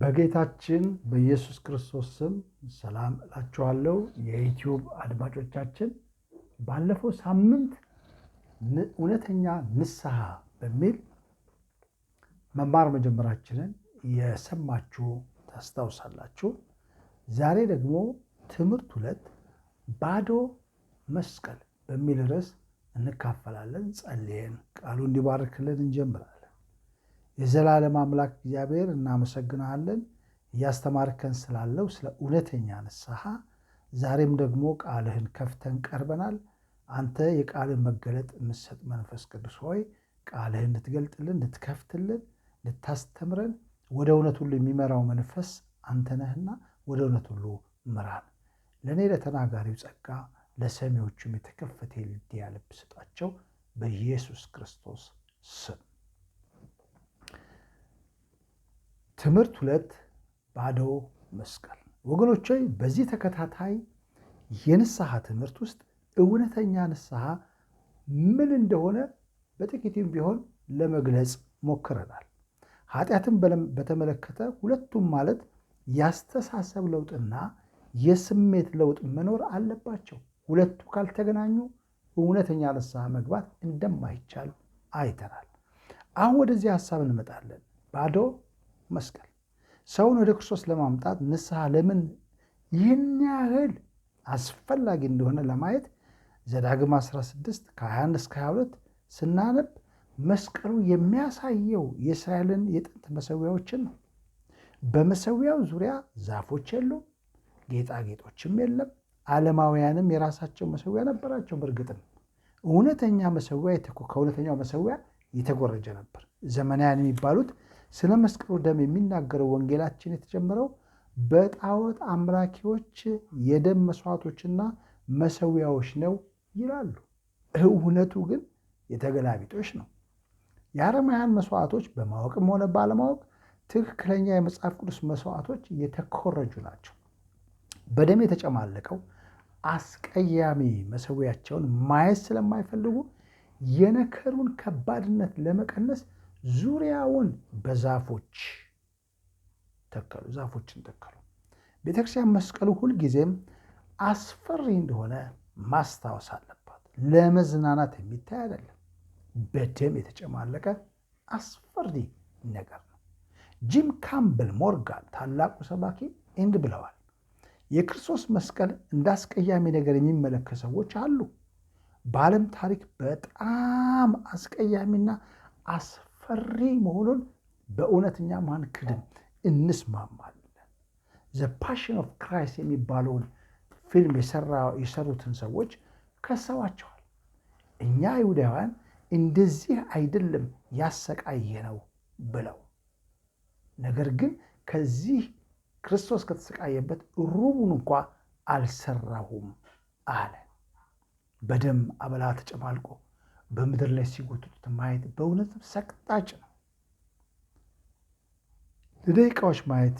በጌታችን በኢየሱስ ክርስቶስ ስም ሰላም እላችኋለሁ። የዩትዩብ አድማጮቻችን ባለፈው ሳምንት እውነተኛ ንስሐ በሚል መማር መጀመራችንን የሰማችሁ ታስታውሳላችሁ። ዛሬ ደግሞ ትምህርት ሁለት ባዶ መስቀል በሚል ርዕስ እንካፈላለን። ጸልየን ቃሉ እንዲባርክልን እንጀምራለን። የዘላለም አምላክ እግዚአብሔር እናመሰግናለን እያስተማርከን ስላለው ስለ እውነተኛ ንስሐ። ዛሬም ደግሞ ቃልህን ከፍተን ቀርበናል። አንተ የቃልን መገለጥ የምትሰጥ መንፈስ ቅዱስ ሆይ ቃልህን ልትገልጥልን፣ ልትከፍትልን፣ ልታስተምረን ወደ እውነት ሁሉ የሚመራው መንፈስ አንተ ነህና ወደ እውነት ሁሉ ምራን። ለእኔ ለተናጋሪው ጸጋ፣ ለሰሚዎቹም የተከፈተ ልብ ስጣቸው በኢየሱስ ክርስቶስ ስም። ትምህርት ሁለት ባዶ መስቀል። ወገኖቼ በዚህ ተከታታይ የንስሐ ትምህርት ውስጥ እውነተኛ ንስሐ ምን እንደሆነ በጥቂትም ቢሆን ለመግለጽ ሞክረናል። ኃጢአትን በተመለከተ ሁለቱም ማለት ያስተሳሰብ ለውጥና የስሜት ለውጥ መኖር አለባቸው። ሁለቱ ካልተገናኙ እውነተኛ ንስሐ መግባት እንደማይቻል አይተናል። አሁን ወደዚህ ሀሳብ እንመጣለን። ባዶ መስቀል ሰውን ወደ ክርስቶስ ለማምጣት ንስሐ ለምን ይህን ያህል አስፈላጊ እንደሆነ ለማየት ዘዳግም 16 ከ21 እስከ 22 ስናነብ መስቀሉ የሚያሳየው የእስራኤልን የጥንት መሰዊያዎችን ነው። በመሰዊያው ዙሪያ ዛፎች የሉም፣ ጌጣጌጦችም የለም። ዓለማውያንም የራሳቸው መሰዊያ ነበራቸው። በእርግጥም እውነተኛ መሰዊያ ከእውነተኛው መሰዊያ የተጎረጀ ነበር። ዘመናውያን የሚባሉት ስለ መስቀሉ ደም የሚናገረው ወንጌላችን የተጀመረው በጣዖት አምላኪዎች የደም መስዋዕቶችና መሰዊያዎች ነው ይላሉ። እውነቱ ግን የተገላቢጦች ነው። የአረማውያን መስዋዕቶች በማወቅም ሆነ ባለማወቅ ትክክለኛ የመጽሐፍ ቅዱስ መስዋዕቶች የተኮረጁ ናቸው። በደም የተጨማለቀው አስቀያሚ መሰዊያቸውን ማየት ስለማይፈልጉ የነከሩን ከባድነት ለመቀነስ ዙሪያውን በዛፎች ተከሉ፣ ዛፎችን ተከሉ። ቤተክርስቲያን መስቀሉ ሁልጊዜም አስፈሪ እንደሆነ ማስታወስ አለባት። ለመዝናናት የሚታይ አይደለም። በደም የተጨማለቀ አስፈሪ ነገር ነው። ጂም ካምብል ሞርጋን ታላቁ ሰባኪ እንድ ብለዋል። የክርስቶስ መስቀል እንደ አስቀያሚ ነገር የሚመለከት ሰዎች አሉ። በዓለም ታሪክ በጣም አስቀያሚና አስ ፈሪ መሆኑን በእውነትኛ ማንክድም እንስማማለን። ዘ ፓሽን ኦፍ ክራይስት የሚባለውን ፊልም የሰሩትን ሰዎች ከሰዋቸዋል። እኛ ይሁዳውያን እንደዚህ አይደለም ያሰቃየ ነው ብለው ነገር ግን ከዚህ ክርስቶስ ከተሰቃየበት ሩቡን እንኳ አልሰራሁም አለ። በደም አበላ ተጨማልቆ በምድር ላይ ሲጎትቱት ማየት በእውነትም ሰቅጣጭ ነው። ለደቂቃዎች ማየት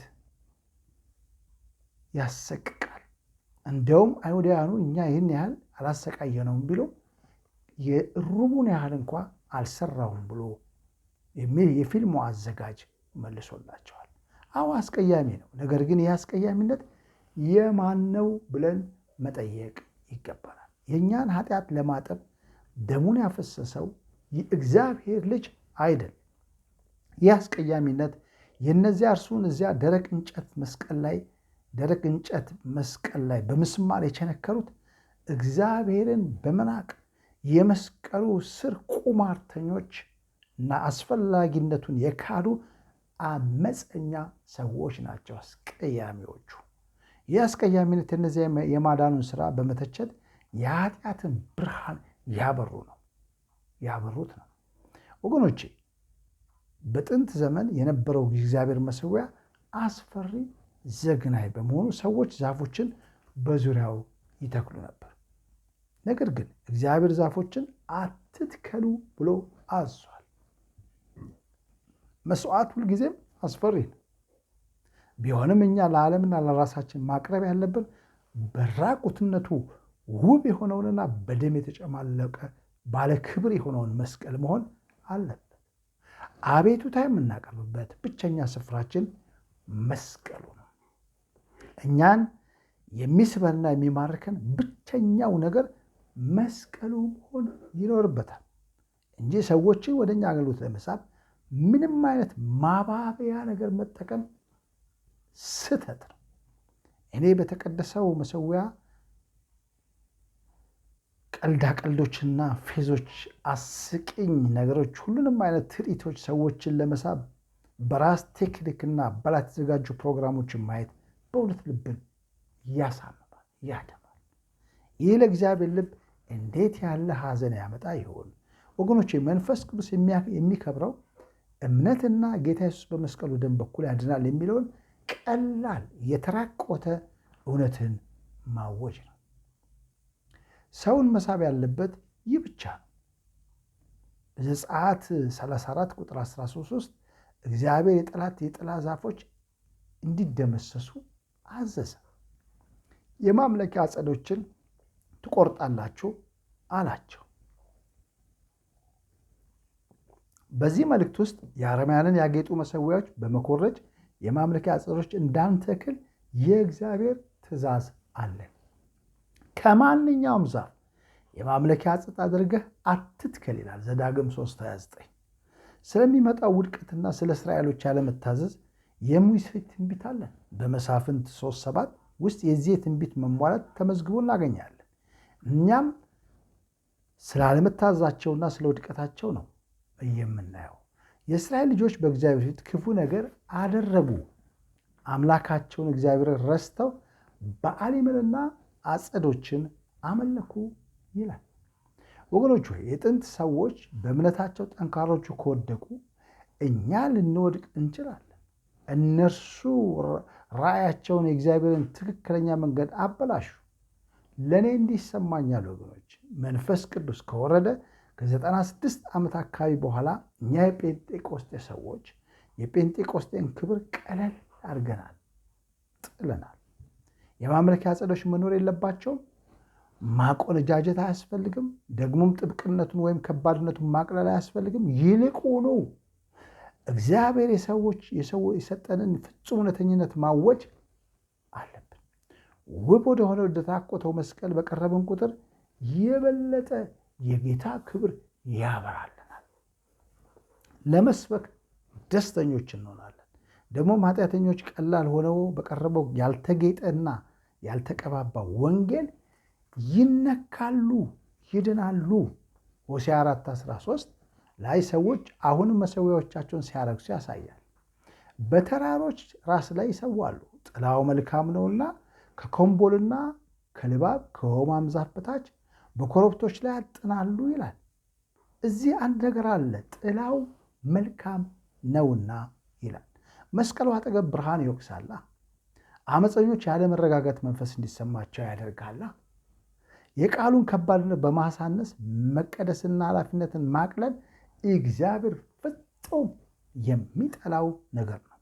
ያሰቅቃል። እንደውም አይሁዳውያኑ እኛ ይህን ያህል ነውም ቢሉ የሩቡን ያህል እንኳ አልሰራሁም ብሎ የሚል የፊልሙ አዘጋጅ መልሶላቸዋል። አዎ አስቀያሚ ነው። ነገር ግን ይህ አስቀያሚነት የማን ነው ብለን መጠየቅ ይገባናል። የእኛን ኃጢአት ለማጠብ ደሙን ያፈሰሰው የእግዚአብሔር ልጅ አይደል? ይህ አስቀያሚነት የእነዚያ እርሱን እዚያ ደረቅ እንጨት መስቀል ላይ ደረቅ እንጨት መስቀል ላይ በምስማር የቸነከሩት እግዚአብሔርን በመናቅ የመስቀሉ ስር ቁማርተኞች እና አስፈላጊነቱን የካዱ አመፀኛ ሰዎች ናቸው አስቀያሚዎቹ። ይህ አስቀያሚነት የነዚያ የማዳኑን ስራ በመተቸት የኃጢአትን ብርሃን ያበሩ ነው ያበሩት ነው። ወገኖቼ በጥንት ዘመን የነበረው የእግዚአብሔር መሰዊያ አስፈሪ ዘግናይ በመሆኑ ሰዎች ዛፎችን በዙሪያው ይተክሉ ነበር። ነገር ግን እግዚአብሔር ዛፎችን አትትከሉ ብሎ አዟል። መስዋዕት ሁልጊዜም አስፈሪ ነው። ቢሆንም እኛ ለዓለምና ለራሳችን ማቅረብ ያለብን በራቁትነቱ ውብ የሆነውንና በደም የተጨማለቀ ባለ ክብር የሆነውን መስቀል መሆን አለበት። አቤቱታ የምናቀርብበት ብቸኛ ስፍራችን መስቀሉ ነው። እኛን የሚስበንና የሚማርከን ብቸኛው ነገር መስቀሉ መሆን ይኖርበታል እንጂ ሰዎችን ወደ እኛ አገልግሎት ለመሳብ ምንም አይነት ማባቢያ ነገር መጠቀም ስህተት ነው። እኔ በተቀደሰው መሰዊያ ቀልዳ ቀልዶችና ፌዞች፣ አስቂኝ ነገሮች፣ ሁሉንም አይነት ትርኢቶች ሰዎችን ለመሳብ በራስ ቴክኒክና በላት የተዘጋጁ ፕሮግራሞችን ማየት በእውነት ልብን ያሳምማል፣ ያደማል። ይህ ለእግዚአብሔር ልብ እንዴት ያለ ሐዘን ያመጣ ይሆን? ወገኖች መንፈስ ቅዱስ የሚከብረው እምነትና ጌታ ኢየሱስ በመስቀሉ ደም በኩል ያድናል የሚለውን ቀላል የተራቆተ እውነትን ማወጅ ነው። ሰውን መሳብ ያለበት ይህ ብቻ ነው። ዘጸአት 34 ቁጥር 13 እግዚአብሔር የጠላት የጥላ ዛፎች እንዲደመሰሱ አዘዘ። የማምለኪያ አጸዶችን ትቆርጣላችሁ አላቸው። በዚህ መልእክት ውስጥ የአረማያንን ያጌጡ መሰዊያዎች በመኮረጅ የማምለኪያ አጸዶች እንዳንተክል የእግዚአብሔር ትእዛዝ አለን። ከማንኛውም ዛፍ የማምለኪያ አጽት አድርገህ አትትከል ይላል ዘዳግም 3፥29 ስለሚመጣው ውድቀትና ስለ እስራኤሎች ያለመታዘዝ የሙሴ ትንቢት አለ። በመሳፍንት 3፥7 ውስጥ የዚህ ትንቢት መሟላት ተመዝግቦ እናገኛለን። እኛም ስላለመታዘዛቸውና ስለ ውድቀታቸው ነው የምናየው። የእስራኤል ልጆች በእግዚአብሔር ፊት ክፉ ነገር አደረጉ። አምላካቸውን እግዚአብሔር ረስተው በአሊምንና አጸዶችን አመለኩ ይላል። ወገኖች ሆይ የጥንት ሰዎች በእምነታቸው ጠንካሮቹ ከወደቁ እኛ ልንወድቅ እንችላለን። እነርሱ ራእያቸውን የእግዚአብሔርን ትክክለኛ መንገድ አበላሹ። ለእኔ እንዲሰማኛል ወገኖች፣ መንፈስ ቅዱስ ከወረደ ከ96 ዓመት አካባቢ በኋላ እኛ የጴንጤቆስጤ ሰዎች የጴንጤቆስጤን ክብር ቀለል አድርገናል፣ ጥለናል። የማምለኪያ አጸዶች መኖር የለባቸውም። ማቆነጃጀት አያስፈልግም። ደግሞም ጥብቅነቱን ወይም ከባድነቱን ማቅለል አያስፈልግም። ይልቁኑ እግዚአብሔር የሰዎች የሰጠንን ፍጹም እውነተኝነት ማወጅ አለብን። ውብ ወደሆነ ወደ ታቆተው መስቀል በቀረብን ቁጥር የበለጠ የጌታ ክብር ያበራልናል። ለመስበክ ደስተኞች እንሆናለን። ደግሞ ኃጢአተኞች ቀላል ሆነው በቀረበው ያልተጌጠና ያልተቀባባ ወንጌል ይነካሉ፣ ይድናሉ። ሆሴዕ 4፥13 ላይ ሰዎች አሁንም መሠዊያዎቻቸውን ሲያረግሱ ያሳያል። በተራሮች ራስ ላይ ይሰዋሉ፣ ጥላው መልካም ነውና ከኮምቦልና ከልባብ ከሆማም ዛፍ በታች በኮረብቶች ላይ ያጥናሉ ይላል። እዚህ አንድ ነገር አለ፣ ጥላው መልካም ነውና ይላል። መስቀሉ አጠገብ ብርሃን ይወቅሳላ። አመፀኞች ያለመረጋጋት መንፈስ እንዲሰማቸው ያደርጋል። የቃሉን ከባድነት በማሳነስ መቀደስና ኃላፊነትን ማቅለል እግዚአብሔር ፍጹም የሚጠላው ነገር ነው።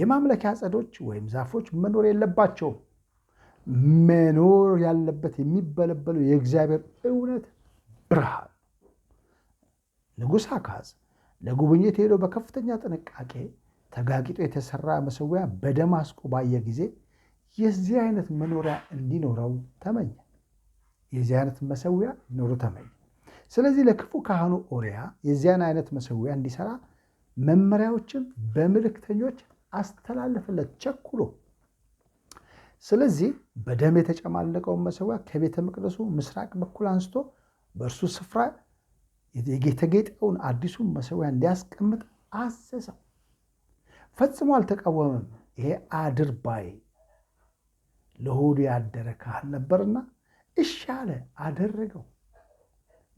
የማምለኪያ ጸዶች ወይም ዛፎች መኖር የለባቸውም። መኖር ያለበት የሚበለበለው የእግዚአብሔር እውነት ብርሃን። ንጉሥ አካዝ ለጉብኝት ሄዶ በከፍተኛ ጥንቃቄ ተጋጊጦ የተሰራ መሰዊያ በደማስቆ ባየ ጊዜ የዚህ አይነት መኖሪያ እንዲኖረው ተመኘ። የዚህ አይነት መሰዊያ ኖሮ ተመኘ። ስለዚህ ለክፉ ካህኑ ኦሪያ የዚያን አይነት መሰዊያ እንዲሰራ መመሪያዎችን በምልክተኞች አስተላለፈለት ቸኩሎ። ስለዚህ በደም የተጨማለቀውን መሰዊያ ከቤተ መቅደሱ ምስራቅ በኩል አንስቶ በእርሱ ስፍራ የተጌጠውን አዲሱን መሰዊያ እንዲያስቀምጥ አዘዘው። ፈጽሞ አልተቃወመም። ይሄ አድርባይ ለሆዱ ያደረ ካህን ነበርና እሺ አለ፣ አደረገው።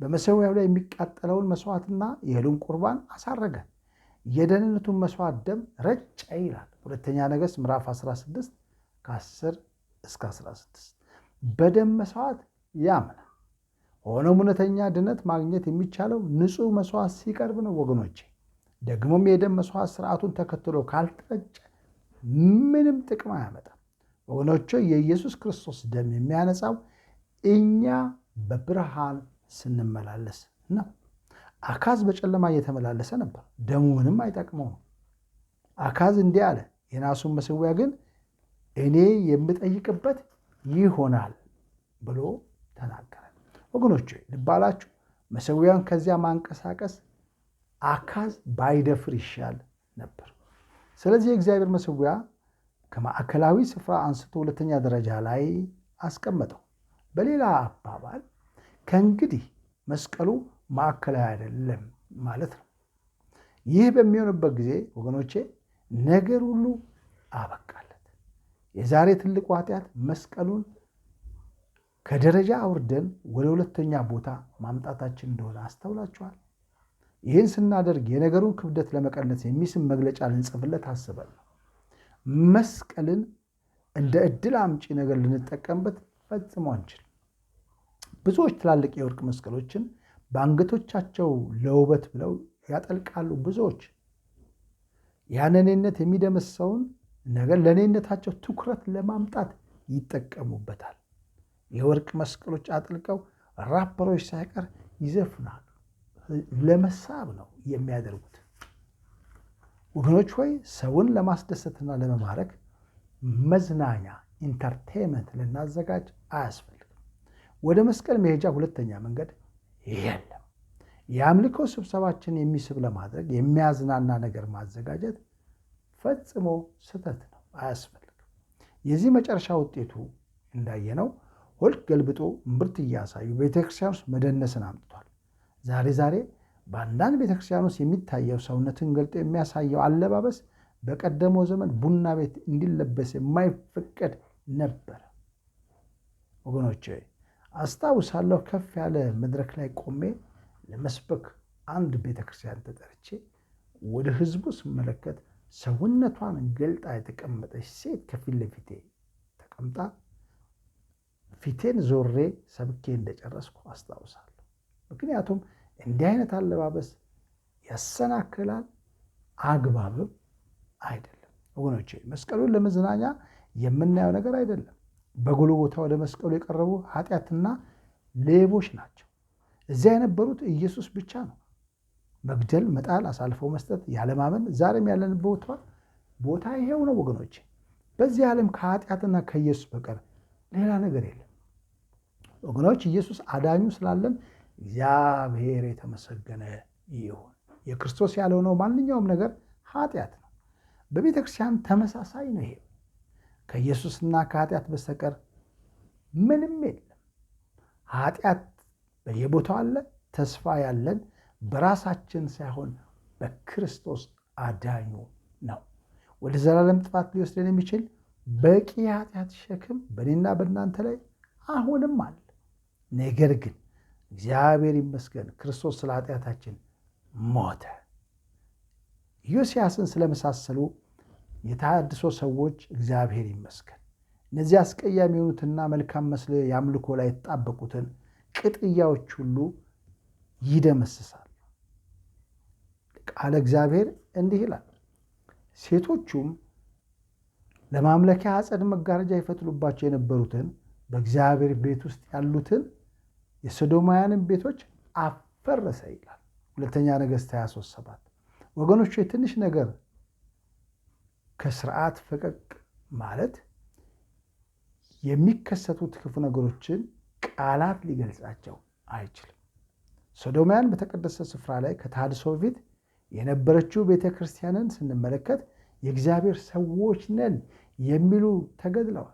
በመሠዊያው ላይ የሚቃጠለውን መስዋዕትና የእህሉን ቁርባን አሳረገ። የደህንነቱን መስዋዕት ደም ረጨ ይላል ሁለተኛ ነገሥት ምዕራፍ 16 ከ10 እስከ 16። በደም መስዋዕት ያምናል። ሆኖም እውነተኛ ድነት ማግኘት የሚቻለው ንጹህ መስዋዕት ሲቀርብ ነው ወገኖቼ። ደግሞም የደም መስዋዕት ስርዓቱን ተከትሎ ካልተረጨ ምንም ጥቅም አያመጣም። ወገኖቼ የኢየሱስ ክርስቶስ ደም የሚያነጻው እኛ በብርሃን ስንመላለስ ነው። አካዝ በጨለማ እየተመላለሰ ነበር፣ ደሙ ምንም አይጠቅመው ነው። አካዝ እንዲህ አለ፣ የናሱን መሰዊያ ግን እኔ የምጠይቅበት ይሆናል ብሎ ተናገረ። ወገኖች ልባላችሁ፣ መሰዊያን ከዚያ ማንቀሳቀስ አካዝ ባይደፍር ይሻል ነበር። ስለዚህ የእግዚአብሔር መሠዊያ ከማዕከላዊ ስፍራ አንስቶ ሁለተኛ ደረጃ ላይ አስቀመጠው። በሌላ አባባል ከእንግዲህ መስቀሉ ማዕከላዊ አይደለም ማለት ነው። ይህ በሚሆንበት ጊዜ ወገኖቼ ነገር ሁሉ አበቃለት። የዛሬ ትልቁ ኃጢአት መስቀሉን ከደረጃ አውርደን ወደ ሁለተኛ ቦታ ማምጣታችን እንደሆነ አስተውላችኋል። ይህን ስናደርግ የነገሩን ክብደት ለመቀነስ የሚስም መግለጫ ልንጽፍለት አስበን ነው። መስቀልን እንደ እድል አምጪ ነገር ልንጠቀምበት ፈጽሞ አንችል። ብዙዎች ትላልቅ የወርቅ መስቀሎችን በአንገቶቻቸው ለውበት ብለው ያጠልቃሉ። ብዙዎች ያነኔነት የሚደመሰውን ነገር ለኔነታቸው ትኩረት ለማምጣት ይጠቀሙበታል። የወርቅ መስቀሎች አጥልቀው ራፐሮች ሳይቀር ይዘፍናሉ። ለመሳብ ነው የሚያደርጉት። ወገኖች ሆይ ሰውን ለማስደሰትና ለመማረክ መዝናኛ ኢንተርቴንመንት ልናዘጋጅ አያስፈልግም። ወደ መስቀል መሄጃ ሁለተኛ መንገድ የለም። የአምልኮ ስብሰባችን የሚስብ ለማድረግ የሚያዝናና ነገር ማዘጋጀት ፈጽሞ ስህተት ነው፣ አያስፈልግም። የዚህ መጨረሻ ውጤቱ እንዳየነው ሆልክ ገልብጦ እምብርት እያሳዩ ቤተክርስቲያን ውስጥ መደነስን አምጥቷል። ዛሬ ዛሬ በአንዳንድ ቤተክርስቲያን ውስጥ የሚታየው ሰውነትን ገልጦ የሚያሳየው አለባበስ በቀደመው ዘመን ቡና ቤት እንዲለበስ የማይፈቀድ ነበር። ወገኖቼ አስታውሳለሁ፣ ከፍ ያለ መድረክ ላይ ቆሜ ለመስበክ አንድ ቤተክርስቲያን ተጠርቼ ወደ ህዝቡ ስመለከት ሰውነቷን ገልጣ የተቀመጠች ሴት ከፊት ለፊቴ ተቀምጣ ፊቴን ዞሬ ሰብኬ እንደጨረስኩ አስታውሳለሁ። ምክንያቱም እንዲህ አይነት አለባበስ ያሰናክላል፣ አግባብም አይደለም። ወገኖቼ መስቀሉን ለመዝናኛ የምናየው ነገር አይደለም። ቦታ ወደ መስቀሉ የቀረቡ ኃጢአትና ሌቦች ናቸው። እዚያ የነበሩት ኢየሱስ ብቻ ነው። መግደል፣ መጣል፣ አሳልፎ መስጠት፣ ያለማመን ዛሬም ያለን ቦታ ቦታ ይሄው ነው ወገኖች። በዚህ ዓለም ከኃጢአትና ከኢየሱስ በቀር ሌላ ነገር የለም ወገኖች። ኢየሱስ አዳኙ ስላለን እግዚአብሔር የተመሰገነ ይሁን። የክርስቶስ ያልሆነው ማንኛውም ነገር ኃጢአት ነው። በቤተ ክርስቲያን ተመሳሳይ ነው። ይሄ ከኢየሱስና ከኃጢአት በስተቀር ምንም የለም። ኃጢአት በየቦታው አለ። ተስፋ ያለን በራሳችን ሳይሆን በክርስቶስ አዳኙ ነው። ወደ ዘላለም ጥፋት ሊወስደን የሚችል በቂ የኃጢአት ሸክም በእኔና በእናንተ ላይ አሁንም አለ። ነገር ግን እግዚአብሔር ይመስገን ክርስቶስ ስለ ኃጢአታችን ሞተ። ዮስያስን ስለመሳሰሉ የተሃድሶ ሰዎች እግዚአብሔር ይመስገን። እነዚህ አስቀያሚ የሆኑትና መልካም መስል የአምልኮ ላይ የተጣበቁትን ቅጥያዎች ሁሉ ይደመስሳል። ቃለ እግዚአብሔር እንዲህ ይላል፣ ሴቶቹም ለማምለኪያ አጸድ መጋረጃ ይፈትሉባቸው የነበሩትን በእግዚአብሔር ቤት ውስጥ ያሉትን የሶዶማውያንን ቤቶች አፈረሰ ይላል ሁለተኛ ነገሥት 23 ሰባት ወገኖቹ የትንሽ ነገር ከስርዓት ፈቀቅ ማለት የሚከሰቱት ክፉ ነገሮችን ቃላት ሊገልጻቸው አይችልም። ሶዶማውያን በተቀደሰ ስፍራ ላይ ከታድሶ በፊት የነበረችው ቤተ ክርስቲያንን ስንመለከት የእግዚአብሔር ሰዎች ነን የሚሉ ተገድለዋል።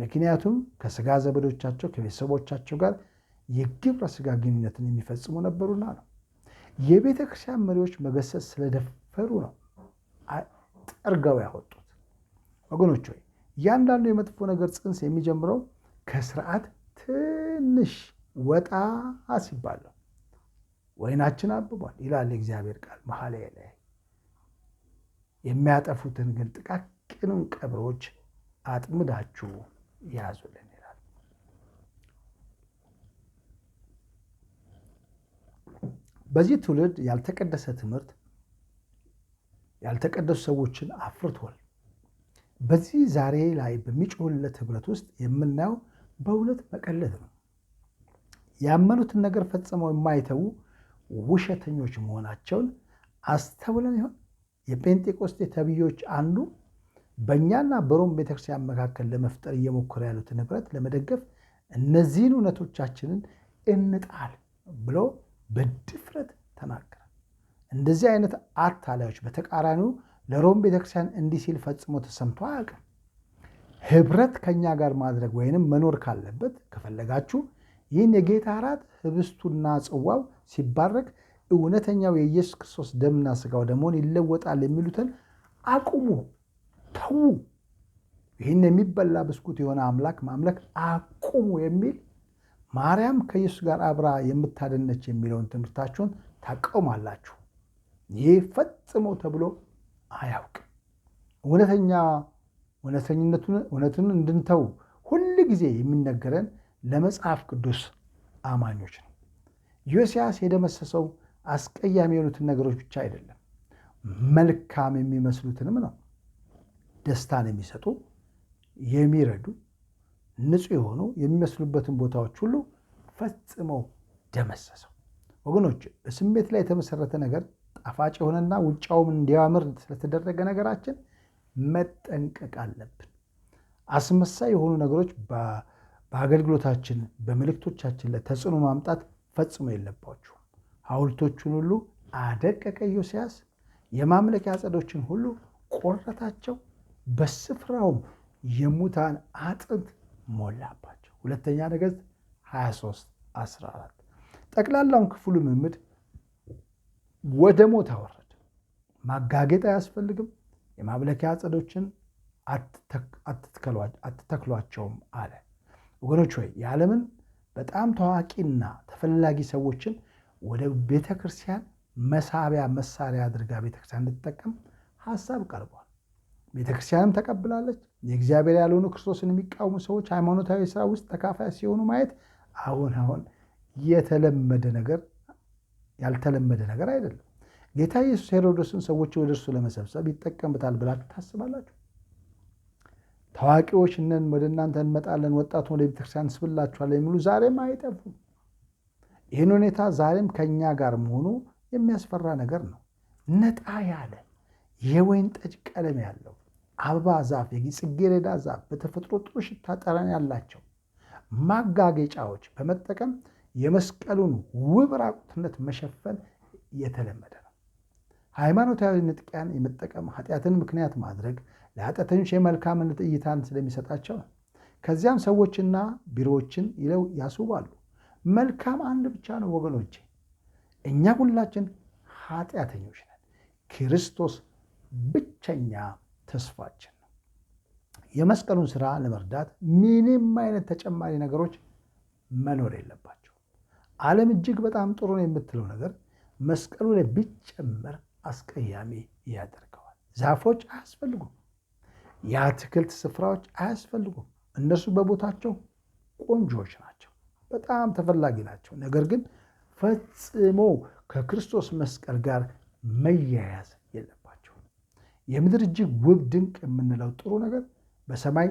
ምክንያቱም ከስጋ ዘመዶቻቸው ከቤተሰቦቻቸው ጋር የግብረ ስጋ ግንኙነትን የሚፈጽሙ ነበሩና ነው። የቤተ ክርስቲያን መሪዎች መገሰጽ ስለደፈሩ ነው ጠርገው ያወጡት። ወገኖች ሆይ እያንዳንዱ የመጥፎ ነገር ጽንስ የሚጀምረው ከስርዓት ትንሽ ወጣ ሲባል ነው። ወይናችን አብቧል ይላል የእግዚአብሔር ቃል መኃልየ ላይ የሚያጠፉትን ግን ጥቃቅኑን ቀብሮች አጥምዳችሁ ያዙልን። በዚህ ትውልድ ያልተቀደሰ ትምህርት ያልተቀደሱ ሰዎችን አፍርቷል። በዚህ ዛሬ ላይ በሚጮህለት ህብረት ውስጥ የምናየው በእውነት መቀለድ ነው። ያመኑትን ነገር ፈጽመው የማይተዉ ውሸተኞች መሆናቸውን አስተውለን ይሆን? የጴንጤቆስጤ ተብዮች አንዱ በእኛና በሮም ቤተክርስቲያን መካከል ለመፍጠር እየሞከረ ያሉትን ህብረት ለመደገፍ እነዚህን እውነቶቻችንን እንጣል ብሎ በድፍረት ተናገረ። እንደዚህ አይነት አታላዮች በተቃራኒው ለሮም ቤተክርስቲያን እንዲህ ሲል ፈጽሞ ተሰምቶ አያውቅም። ህብረት ከእኛ ጋር ማድረግ ወይንም መኖር ካለበት ከፈለጋችሁ ይህን የጌታ እራት ህብስቱና ጽዋው ሲባረክ እውነተኛው የኢየሱስ ክርስቶስ ደምና ስጋው ደመሆን ይለወጣል የሚሉትን አቁሙ፣ ተዉ፣ ይህን የሚበላ ብስኩት የሆነ አምላክ ማምለክ አቁሙ የሚል ማርያም ከኢየሱስ ጋር አብራ የምታደነች የሚለውን ትምህርታችሁን ታቀውማላችሁ። ይህ ፈጽሞ ተብሎ አያውቅም። እውነተኛ እውነተኝነቱን እንድንተው ሁል ጊዜ የሚነገረን ለመጽሐፍ ቅዱስ አማኞች ነው። ዮስያስ የደመሰሰው አስቀያሚ የሆኑትን ነገሮች ብቻ አይደለም፣ መልካም የሚመስሉትንም ነው። ደስታን የሚሰጡ የሚረዱ ንጹህ የሆኑ የሚመስሉበትን ቦታዎች ሁሉ ፈጽመው ደመሰሰው። ወገኖች በስሜት ላይ የተመሰረተ ነገር ጣፋጭ የሆነና ውጫውም እንዲያምር ስለተደረገ ነገራችን መጠንቀቅ አለብን። አስመሳይ የሆኑ ነገሮች በአገልግሎታችን በምልክቶቻችን ላይ ተጽዕኖ ማምጣት ፈጽሞ የለባቸውም። ሐውልቶቹን ሁሉ አደቀቀ ዮስያስ። የማምለኪያ አጸዶችን ሁሉ ቆረታቸው፣ በስፍራውም የሙታን አጥንት ሞላባቸው። ሁለተኛ ነገሥት 23 14 ጠቅላላውን ክፍሉ ምምድ ወደ ሞት አወረደ። ማጋጌጥ አያስፈልግም፣ የማምለኪያ አጸዶችን አትተክሏቸውም አለ። ወገኖች ሆይ የዓለምን በጣም ታዋቂና ተፈላጊ ሰዎችን ወደ ቤተ ክርስቲያን መሳቢያ መሳሪያ አድርጋ ቤተክርስቲያን እንድትጠቀም ሀሳብ ቀርቧል። ቤተክርስቲያንም ተቀብላለች። የእግዚአብሔር ያልሆኑ ክርስቶስን የሚቃወሙ ሰዎች ሃይማኖታዊ ስራ ውስጥ ተካፋይ ሲሆኑ ማየት አሁን አሁን የተለመደ ነገር ያልተለመደ ነገር አይደለም። ጌታ ኢየሱስ ሄሮድስን ሰዎች ወደ እርሱ ለመሰብሰብ ይጠቀምበታል ብላችሁ ታስባላችሁ? ታዋቂዎች ነን፣ ወደ እናንተ እንመጣለን፣ ወጣቱ ወደ ቤተክርስቲያን እንስብላችኋለን የሚሉ ዛሬም አይጠፉም። ይህን ሁኔታ ዛሬም ከእኛ ጋር መሆኑ የሚያስፈራ ነገር ነው። ነጣ ያለ የወይን ጠጅ ቀለም ያለው አበባ ዛፍ፣ የጽጌረዳ ዛፍ በተፈጥሮ ጥሩ ሽታ ጠረን ያላቸው ማጋጌጫዎች በመጠቀም የመስቀሉን ውብ ራቁትነት መሸፈን የተለመደ ነው። ሃይማኖታዊ ንጥቂያን የመጠቀም ኃጢአትን ምክንያት ማድረግ ለኃጢአተኞች የመልካምነት እይታን ስለሚሰጣቸው ነው። ከዚያም ሰዎችና ቢሮዎችን ይለው ያስውባሉ። መልካም አንድ ብቻ ነው ወገኖቼ፣ እኛ ሁላችን ኃጢአተኞች ነን። ክርስቶስ ብቸኛ ተስፋችን ነው። የመስቀሉን ስራ ለመርዳት ምንም አይነት ተጨማሪ ነገሮች መኖር የለባቸው። ዓለም እጅግ በጣም ጥሩ ነው የምትለው ነገር መስቀሉ ላይ ቢጨመር አስቀያሚ ያደርገዋል። ዛፎች አያስፈልጉም። የአትክልት ስፍራዎች አያስፈልጉም። እነሱ በቦታቸው ቆንጆዎች ናቸው፣ በጣም ተፈላጊ ናቸው። ነገር ግን ፈጽሞ ከክርስቶስ መስቀል ጋር መያያዝ የምድር እጅግ ውብ ድንቅ የምንለው ጥሩ ነገር በሰማይ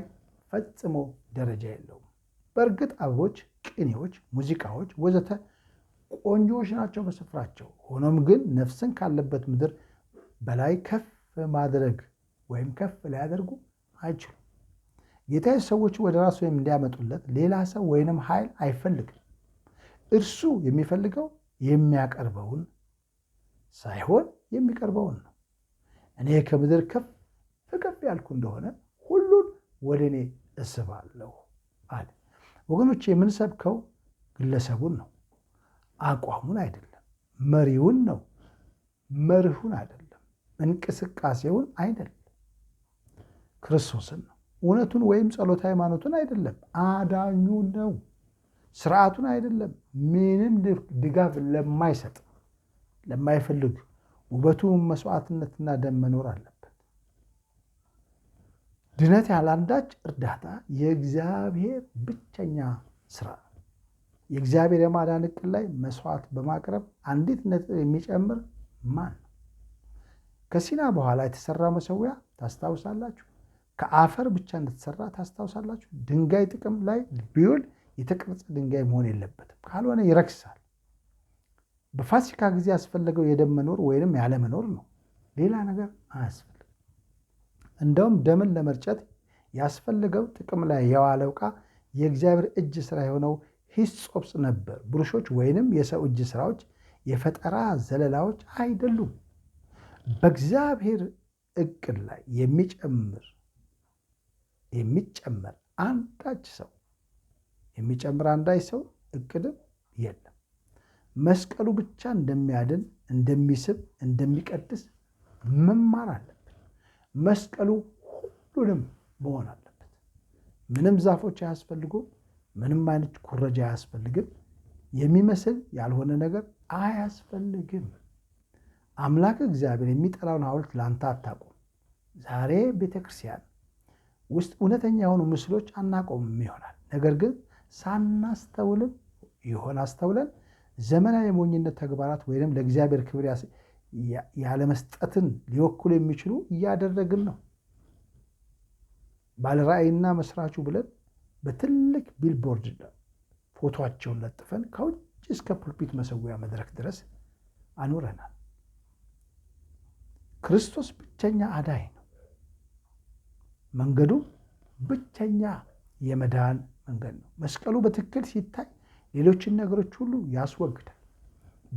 ፈጽሞ ደረጃ የለውም። በእርግጥ አበቦች፣ ቅኔዎች፣ ሙዚቃዎች ወዘተ ቆንጆዎች ናቸው በስፍራቸው። ሆኖም ግን ነፍስን ካለበት ምድር በላይ ከፍ ማድረግ ወይም ከፍ ሊያደርጉ አይችሉም። ጌታ ሰዎች ወደ ራሱ ወይም እንዲያመጡለት ሌላ ሰው ወይንም ኃይል አይፈልግም። እርሱ የሚፈልገው የሚያቀርበውን ሳይሆን የሚቀርበውን ነው። እኔ ከምድር ከፍ ከፍ ያልኩ እንደሆነ ሁሉን ወደ እኔ እስባለሁ አለ። ወገኖች የምንሰብከው ግለሰቡን ነው፣ አቋሙን አይደለም። መሪውን ነው፣ መርሁን አይደለም። እንቅስቃሴውን አይደለም፣ ክርስቶስን ነው። እውነቱን ወይም ጸሎት ሃይማኖቱን አይደለም፣ አዳኙ ነው። ስርዓቱን አይደለም፣ ምንም ድጋፍ ለማይሰጥ ለማይፈልግ ውበቱ መስዋዕትነትና ደም መኖር አለበት። ድነት ያላንዳች እርዳታ የእግዚአብሔር ብቸኛ ስራ ነው። የእግዚአብሔር የማዳን ዕቅድ ላይ መስዋዕት በማቅረብ አንዲት ነጥብ የሚጨምር ማን ነው? ከሲና በኋላ የተሰራ መሰዊያ ታስታውሳላችሁ። ከአፈር ብቻ እንደተሰራ ታስታውሳላችሁ። ድንጋይ ጥቅም ላይ ቢውል የተቀረጸ ድንጋይ መሆን የለበትም፣ ካልሆነ ይረክሳል። በፋሲካ ጊዜ ያስፈለገው የደም መኖር ወይንም ያለመኖር ነው። ሌላ ነገር አያስፈልግም። እንደውም ደምን ለመርጨት ያስፈልገው ጥቅም ላይ የዋለው ዕቃ የእግዚአብሔር እጅ ስራ የሆነው ሂሶጵስ ነበር። ብሩሾች ወይንም የሰው እጅ ስራዎች የፈጠራ ዘለላዎች አይደሉም። በእግዚአብሔር እቅድ ላይ የሚጨምር የሚጨመር አንዳች ሰው የሚጨምር አንዳች ሰው እቅድም መስቀሉ ብቻ እንደሚያድን፣ እንደሚስብ፣ እንደሚቀድስ መማር አለብን። መስቀሉ ሁሉንም መሆን አለበት። ምንም ዛፎች አያስፈልጉም። ምንም አይነት ኩረጃ አያስፈልግም። የሚመስል ያልሆነ ነገር አያስፈልግም። አምላክ እግዚአብሔር የሚጠላውን ሐውልት ለአንተ አታቁም ዛሬ ቤተ ክርስቲያን ውስጥ እውነተኛ የሆኑ ምስሎች አናቆምም ይሆናል። ነገር ግን ሳናስተውልም ይሆን አስተውለን ዘመናዊ የሞኝነት ተግባራት ወይም ለእግዚአብሔር ክብር ያለመስጠትን ሊወክሉ የሚችሉ እያደረግን ነው። ባለራእይና መስራቹ ብለን በትልቅ ቢልቦርድ ፎቶቸውን ለጥፈን ከውጭ እስከ ፑልፒት መሰዊያ መድረክ ድረስ አኑረናል። ክርስቶስ ብቸኛ አዳይ ነው። መንገዱ ብቸኛ የመዳን መንገድ ነው። መስቀሉ በትክክል ሲታይ ሌሎችን ነገሮች ሁሉ ያስወግዳል።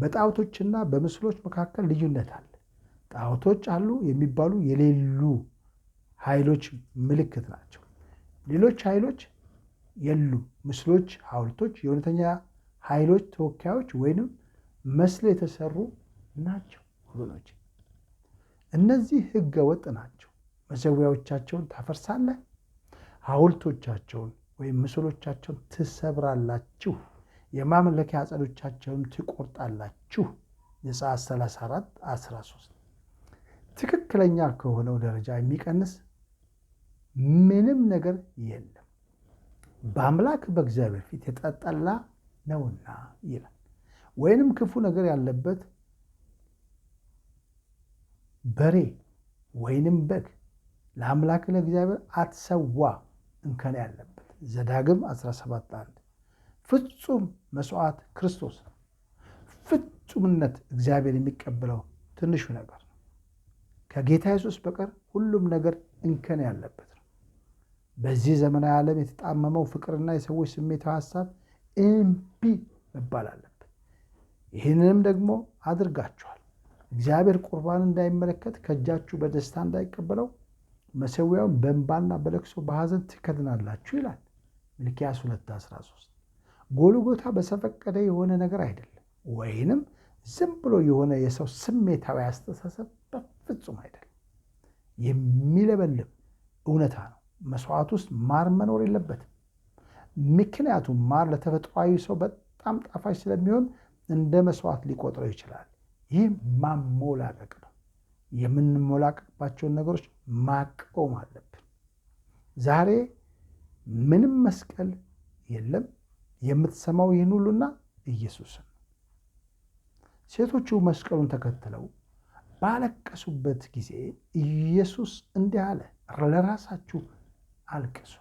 በጣዖቶችና በምስሎች መካከል ልዩነት አለ። ጣዖቶች አሉ የሚባሉ የሌሉ ኃይሎች ምልክት ናቸው። ሌሎች ኃይሎች የሉ ምስሎች፣ ሐውልቶች የእውነተኛ ኃይሎች ተወካዮች ወይንም መስል የተሰሩ ናቸው። ወገኖች እነዚህ ህገ ወጥ ናቸው። መሰዊያዎቻቸውን ታፈርሳለህ፣ ሐውልቶቻቸውን ወይም ምስሎቻቸውን ትሰብራላችሁ። የማምለኪያ ዐፀዶቻቸውን ትቆርጣላችሁ። ዘጸአት 34 13 ትክክለኛ ከሆነው ደረጃ የሚቀንስ ምንም ነገር የለም በአምላክ በእግዚአብሔር ፊት የተጠላ ነውና ይላል። ወይንም ክፉ ነገር ያለበት በሬ ወይንም በግ ለአምላክ ለእግዚአብሔር አትሰዋ እንከን ያለበት ዘዳግም 17 1 ፍጹም መስዋዕት ክርስቶስ ነው። ፍጹምነት እግዚአብሔር የሚቀበለው ትንሹ ነገር ነው። ከጌታ ኢየሱስ በቀር ሁሉም ነገር እንከን ያለበት ነው። በዚህ ዘመናዊ ዓለም የተጣመመው ፍቅርና የሰዎች ስሜታዊ ሀሳብ እምቢ መባል አለበት። ይህንንም ደግሞ አድርጋችኋል። እግዚአብሔር ቁርባን እንዳይመለከት ከእጃችሁ በደስታ እንዳይቀበለው መሰዊያውን በእንባና በለቅሶ በሐዘን ትከድናላችሁ ይላል ሚልክያስ 2፥13 ጎልጎታ በሰፈቀደ የሆነ ነገር አይደለም፣ ወይንም ዝም ብሎ የሆነ የሰው ስሜታዊ አስተሳሰብ በፍጹም አይደለም። የሚለበልብ እውነታ ነው። መስዋዕት ውስጥ ማር መኖር የለበትም። ምክንያቱም ማር ለተፈጥሯዊ ሰው በጣም ጣፋጭ ስለሚሆን እንደ መስዋዕት ሊቆጥረው ይችላል። ይህ ማሞላቀቅ ነው። የምንሞላቀቅባቸውን ነገሮች ማቆም አለብን። ዛሬ ምንም መስቀል የለም። የምትሰማው ይህን ሁሉና ኢየሱስን ሴቶቹ መስቀሉን ተከትለው ባለቀሱበት ጊዜ ኢየሱስ እንዲህ አለ፣ ለራሳችሁ አልቅሷል።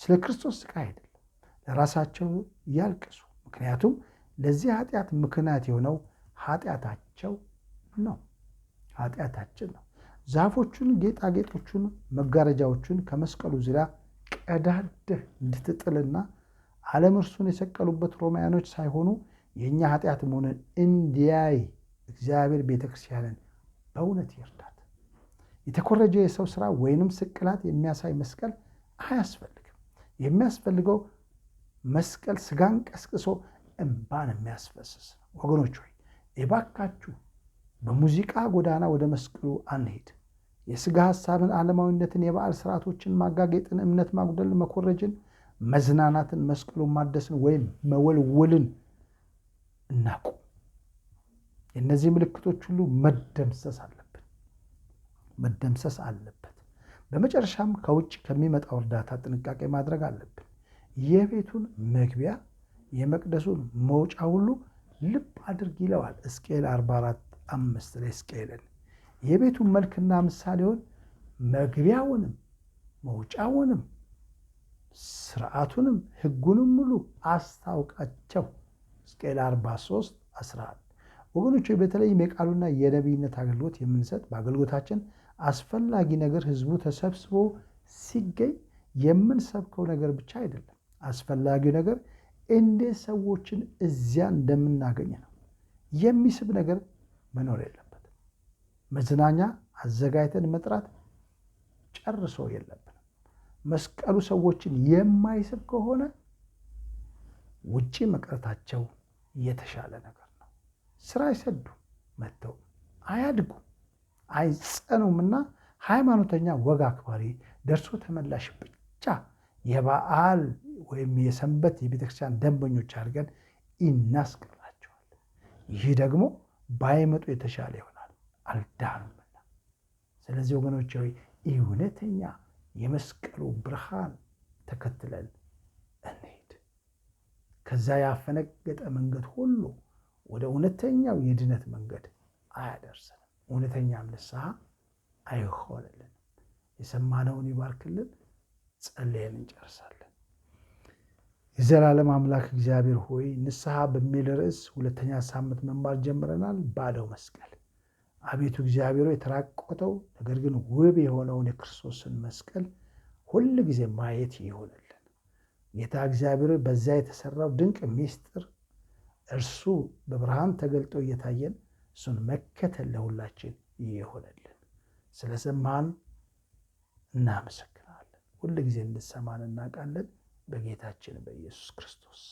ስለ ክርስቶስ ስቃይ አይደለም፣ ለራሳቸው ያልቅሱ። ምክንያቱም ለዚህ ኃጢአት ምክንያት የሆነው ኃጢአታቸው ነው፣ ኃጢአታችን ነው። ዛፎቹን፣ ጌጣጌጦቹን፣ መጋረጃዎቹን ከመስቀሉ ዙሪያ ቀዳደህ እንድትጥልና ዓለም እርሱን የሰቀሉበት ሮማያኖች ሳይሆኑ የእኛ ኃጢአት መሆንን እንዲያይ እግዚአብሔር ቤተ ክርስቲያንን በእውነት ይርዳት። የተኮረጀ የሰው ስራ ወይንም ስቅላት የሚያሳይ መስቀል አያስፈልግም። የሚያስፈልገው መስቀል ስጋን ቀስቅሶ እምባን የሚያስፈስስ ወገኖች ሆይ የባካችሁ በሙዚቃ ጎዳና ወደ መስቀሉ አንሄድ። የስጋ ሐሳብን፣ ዓለማዊነትን፣ የበዓል ስርዓቶችን ማጋጌጥን፣ እምነት ማጉደል፣ መኮረጅን መዝናናትን፣ መስቀሉን ማደስን ወይም መወልወልን እናቁ። የእነዚህ ምልክቶች ሁሉ መደምሰስ አለብን መደምሰስ አለበት። በመጨረሻም ከውጭ ከሚመጣው እርዳታ ጥንቃቄ ማድረግ አለብን። የቤቱን መግቢያ የመቅደሱን መውጫ ሁሉ ልብ አድርግ ይለዋል ሕዝቅኤል 44 አምስት ላይ ሕዝቅኤልን የቤቱን መልክና ምሳሌውን መግቢያውንም መውጫውንም ስርዓቱንም ህጉንም ሙሉ አስታውቃቸው ሕዝቅኤል 43 11 ወገኖች በተለይም የቃሉና የነቢይነት አገልግሎት የምንሰጥ በአገልግሎታችን አስፈላጊ ነገር ህዝቡ ተሰብስቦ ሲገኝ የምንሰብከው ነገር ብቻ አይደለም። አስፈላጊው ነገር እንዴት ሰዎችን እዚያ እንደምናገኝ ነው። የሚስብ ነገር መኖር የለበትም። መዝናኛ አዘጋጅተን መጥራት ጨርሶ የለበት መስቀሉ ሰዎችን የማይስብ ከሆነ ውጪ መቅረታቸው የተሻለ ነገር ነው። ስራ አይሰዱም፣ መጥተው አያድጉም፣ አይጸኑምና ሃይማኖተኛ ወግ አክባሪ ደርሶ ተመላሽ ብቻ የበዓል ወይም የሰንበት የቤተክርስቲያን ደንበኞች አድርገን እናስቀራቸዋለን። ይህ ደግሞ ባይመጡ የተሻለ ይሆናል፣ አልዳኑምና። ስለዚህ ወገኖች እውነተኛ የመስቀሉ ብርሃን ተከትለን እንሄድ። ከዛ ያፈነገጠ መንገድ ሁሉ ወደ እውነተኛው የድነት መንገድ አያደርሰንም። እውነተኛም ንስሐ አይሆንልን። የሰማነውን ይባርክልን። ጸልየን እንጨርሳለን። የዘላለም አምላክ እግዚአብሔር ሆይ ንስሐ በሚል ርዕስ ሁለተኛ ሳምንት መማር ጀምረናል። ባደው መስቀል አቤቱ እግዚአብሔሮ የተራቆተው ነገር ግን ውብ የሆነውን የክርስቶስን መስቀል ሁል ጊዜ ማየት ይሆንልን። ጌታ እግዚአብሔር በዛ የተሰራው ድንቅ ሚስጥር እርሱ በብርሃን ተገልጦ እየታየን እሱን መከተል ለሁላችን ይሆንልን። ስለሰማን እናመሰግናለን። ሁል ጊዜ እንድሰማን እናውቃለን። በጌታችን በኢየሱስ ክርስቶስ